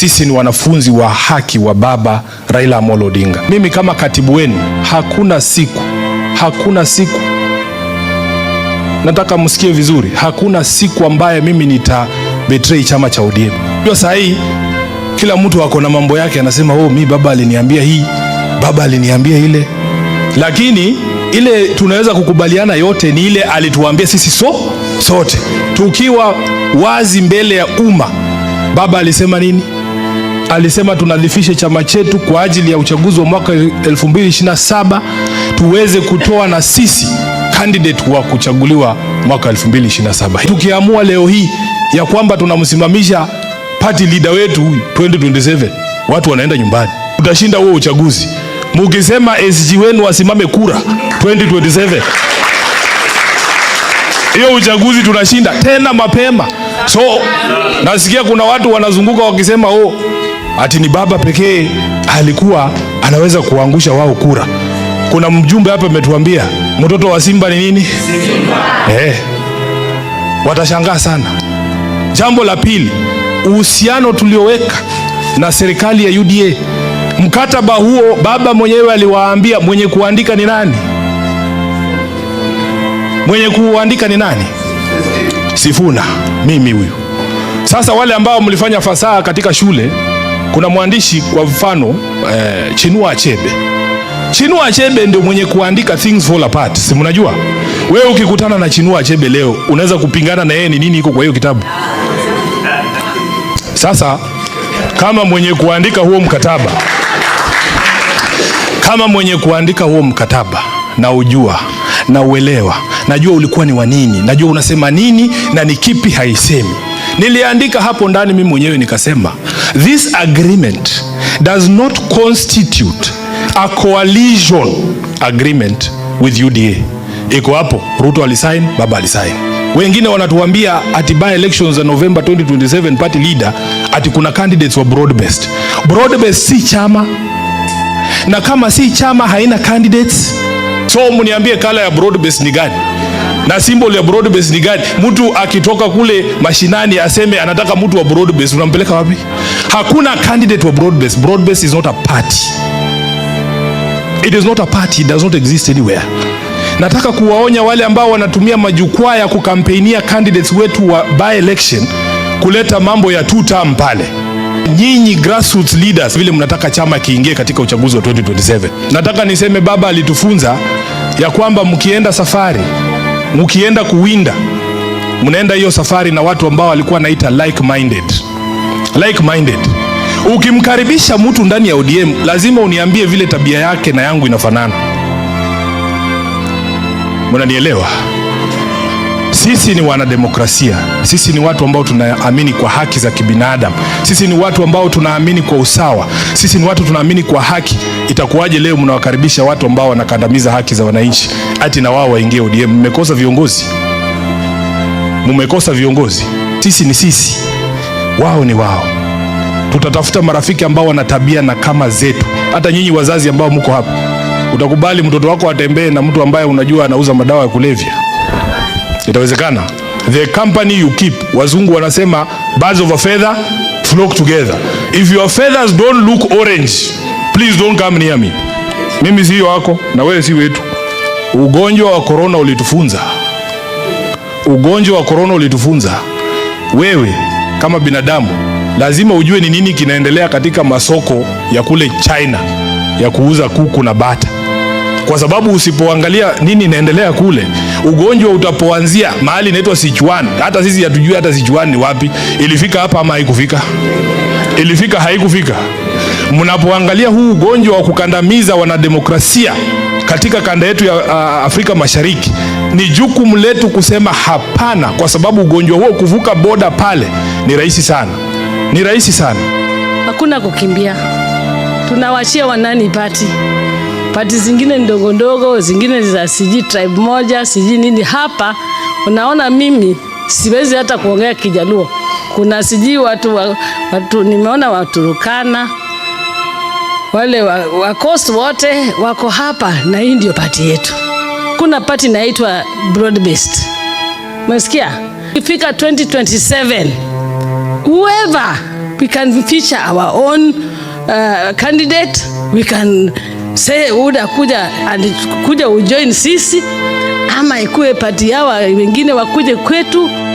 Sisi ni wanafunzi wa haki wa Baba Raila Amolo Odinga. Mimi kama katibu wenu, hakuna siku, hakuna siku, nataka msikie vizuri, hakuna siku ambaye mimi nita betray chama cha ODM. Hiyo saa hii kila mtu ako na mambo yake, anasema oh, mi baba aliniambia hii, baba aliniambia ile, lakini ile tunaweza kukubaliana yote ni ile alituambia sisi so sote, tukiwa wazi mbele ya umma, baba alisema nini alisema tunadhifishe chama chetu kwa ajili ya uchaguzi wa mwaka 2027 tuweze kutoa na sisi candidate wa kuchaguliwa mwaka 2027. Tukiamua leo hii ya kwamba tunamsimamisha party leader wetu 2027, watu wanaenda nyumbani, utashinda huo uchaguzi. Mukisema SG wenu wasimame kura 2027, hiyo uchaguzi tunashinda tena mapema. So nasikia kuna watu wanazunguka wakisema oh ati ni baba pekee alikuwa anaweza kuangusha wao kura. Kuna mjumbe hapa ametuambia mtoto wa simba ni nini? Simba. Eh, watashangaa sana. Jambo la pili, uhusiano tulioweka na serikali ya UDA. Mkataba huo baba mwenyewe aliwaambia mwenye kuandika ni nani? Mwenye kuandika ni nani? Sifuna, mimi huyu. Sasa wale ambao mlifanya fasaha katika shule kuna mwandishi kwa mfano eh, Chinua Achebe. Chinua Achebe ndio mwenye kuandika Things Fall Apart, si mnajua? Wewe ukikutana na Chinua Achebe leo unaweza kupingana na yeye ni nini iko kwa hiyo kitabu. Sasa kama mwenye kuandika huo mkataba, kama mwenye kuandika huo mkataba na ujua na uelewa, najua ulikuwa ni wa nini, najua unasema nini na ni kipi haisemi Niliandika hapo ndani mimi mwenyewe nikasema, this agreement does not constitute a coalition agreement with UDA. Iko hapo, Ruto alisign, Baba alisign. Wengine wanatuambia ati by elections za November 2027 party leader ati kuna candidates wa broad based. Broad based si chama, na kama si chama haina candidates, so mniambie kala ya broad based ni gani? Na symbol ya broad base ni gani? Mtu akitoka kule mashinani aseme anataka mtu wa broad base, unampeleka wapi? Hakuna candidate wa broad base. Broad base is not a party. It is not a party. It does not exist anywhere. Nataka kuwaonya wale ambao wanatumia majukwaa ya kukampeinia candidates wetu wa by election kuleta mambo ya two term pale. Nyinyi grassroots leaders, vile mnataka chama kiingie katika uchaguzi wa 2027, nataka niseme baba alitufunza ya kwamba mkienda safari mkienda kuwinda, mnaenda hiyo safari na watu ambao walikuwa naita like minded, like minded. Ukimkaribisha mtu ndani ya ODM lazima uniambie vile tabia yake na yangu inafanana. Mnanielewa? Sisi ni wanademokrasia, sisi ni watu ambao tunaamini kwa haki za kibinadamu, sisi ni watu ambao tunaamini kwa usawa, sisi ni watu tunaamini kwa haki. Itakuwaje leo mnawakaribisha watu ambao wanakandamiza haki za wananchi ati na wao waingie ODM? Mmekosa viongozi, mmekosa viongozi. Sisi ni sisi, wao ni wao. Tutatafuta marafiki ambao wana tabia na kama zetu. Hata nyinyi wazazi ambao mko hapa, utakubali mtoto wako atembee na mtu ambaye unajua anauza madawa ya kulevya? Itawezekana. The company you keep, wazungu wanasema birds of a feather flock together. If your feathers don't look orange, please don't come near me. Mimi siyo wako na wewe si wetu. Ugonjwa wa korona ulitufunza, ugonjwa wa korona ulitufunza. Wewe kama binadamu lazima ujue ni nini kinaendelea katika masoko ya kule China ya kuuza kuku na bata kwa sababu usipoangalia nini inaendelea kule, ugonjwa utapoanzia mahali inaitwa Sichuan, hata sisi hatujui hata Sichuan ni wapi. Ilifika hapa ama haikufika? Ilifika, haikufika? Mnapoangalia huu ugonjwa wa kukandamiza wanademokrasia katika kanda yetu ya uh, Afrika Mashariki, ni jukumu letu kusema hapana, kwa sababu ugonjwa huo kuvuka boda pale ni rahisi sana, ni rahisi sana. Hakuna kukimbia, tunawachia wanani pati pati zingine ndogo ndogo, zingine za sijui tribe moja sijui nini. Hapa unaona mimi siwezi hata kuongea Kijaluo. Kuna sijui watu, watu nimeona Waturukana wale wa, wa coast wote wako hapa, na hii ndio pati yetu. Kuna pati inaitwa broad based, umesikia? Ifika 2027 whoever we can feature our own uh, candidate we can see uda kuja kuja ujoin sisi ama ikuwe pati yao wengine wakuje kwetu.